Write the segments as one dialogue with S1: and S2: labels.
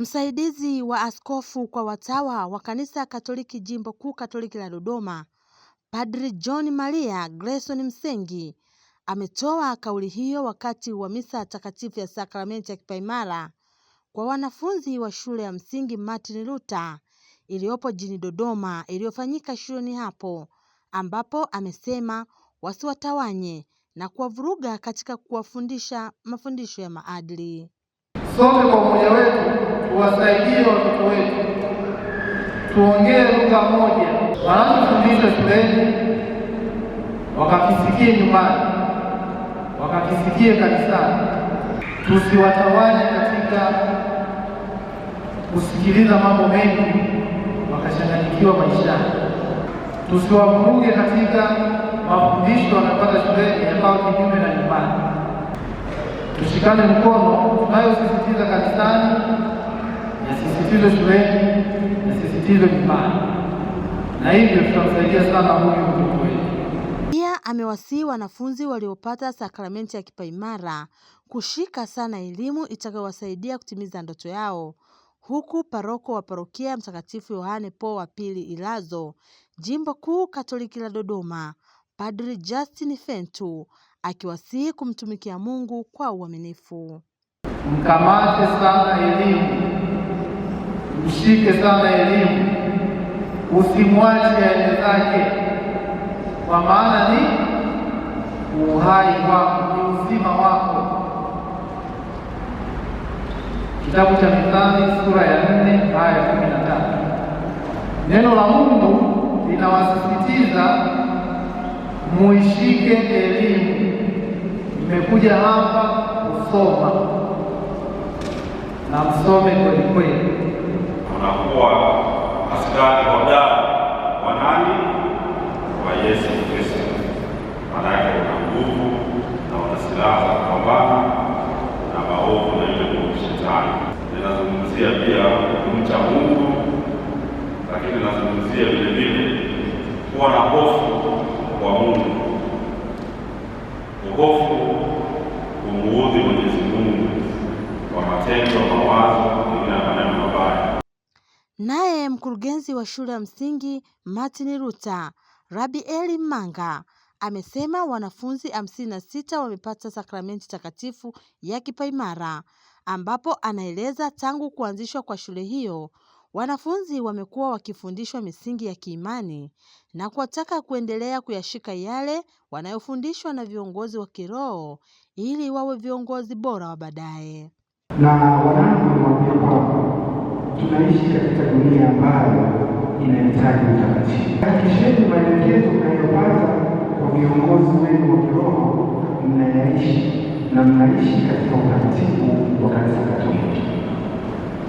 S1: Msaidizi wa askofu kwa watawa wa Kanisa Katoliki Jimbo Kuu Katoliki la Dodoma, Padri John Maria Grayson Msengi ametoa kauli hiyo wakati wa misa takatifu ya sakramenti ya kipaimara kwa wanafunzi wa shule ya msingi Martin Luther iliyopo jini Dodoma iliyofanyika shuleni hapo, ambapo amesema wasiwatawanye na kuwavuruga katika kuwafundisha mafundisho ya maadili.
S2: Sote kwa umoja wetu tuwasaidie watoto wetu, tuongee lugha moja, wanapofundishwa shuleni wakakisikie nyumbani, wakakisikie kanisani. Tusiwatawanye katika kusikiliza mambo mengi wakachanganyikiwa maisha, Tusiwavuruge katika mafundisho wanapata shuleni yakawa kinyume na nyumbani. Tushikane mkono, tunayosisitiza kanisani nasisitize shuleni, nasisitize nyumbani, na hivyo tutamsaidia sana huyu mtoto wetu.
S1: Pia amewasihi wanafunzi waliopata sakramenti ya kipaimara kushika sana elimu itakayowasaidia kutimiza ndoto yao, huku paroko wa parokia Mtakatifu Yohane Paulo wa Pili Ilazo, jimbo kuu Katoliki la Dodoma, Padri Justin Fentu akiwasihi kumtumikia Mungu kwa uaminifu.
S2: Mkamate sana elimu mshike sana elimu, usimwache aina zake, kwa maana ni uhai wako, ni uzima wako. Kitabu cha Mithali sura ya nne aya ya kumi na tatu. Neno la Mungu linawasisitiza muishike elimu. Mmekuja hapa kusoma na msome kweli kweli
S3: tunakuwa askari hodari wa nani? Wa Yesu Kristo. Maanake una nguvu na una silaha za kupambana na maovu na yule mungu Shetani. Ninazungumzia pia kumcha Mungu, lakini ninazungumzia vile vile kuwa na hofu kwa Mungu, uhofu kumuudhi Mwenyezi
S1: naye mkurugenzi wa shule ya msingi Martin Luther Rabiel Manga amesema wanafunzi hamsini na sita wamepata sakramenti takatifu ya kipaimara, ambapo anaeleza tangu kuanzishwa kwa shule hiyo wanafunzi wamekuwa wakifundishwa misingi ya kiimani na kuwataka kuendelea kuyashika yale wanayofundishwa na viongozi wa kiroho ili wawe viongozi bora wa baadaye
S4: na tunaishi katika dunia ambayo inahitaji utakatifu. Hakikisheni maelekezo mnayopata kwa viongozi wenu wa kiroho mnayaishi na mnaishi katika utakatifu wa kanisa Katoliki.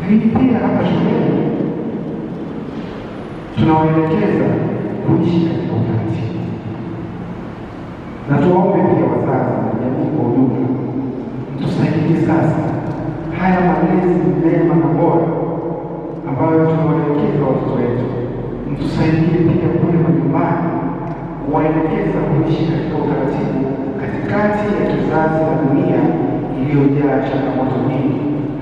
S4: Lakini pia hapa shuleni tunawaelekeza kuishi katika utakatifu, na tuwaombe pia wazazi na jamii kwa ujumla, mtusaidie sasa haya malezi mema na bora ambayo tunawaelekeza watoto wetu, mtusaidie pia kule majumbani kuwaelekeza kuishi katika utaratibu katikati ya kizazi na dunia iliyojaa changamoto nyingi,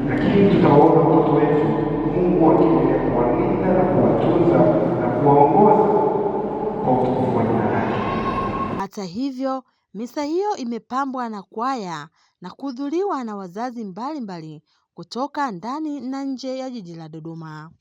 S4: lakini tutawaona watoto wetu Mungu akiendelea kuwalinda na kuwatunza na kuwaongoza kwa utukufu wa jina lake.
S1: Hata hivyo misa hiyo imepambwa na kwaya na kuhudhuriwa na wazazi mbalimbali kutoka ndani na nje ya jiji la Dodoma.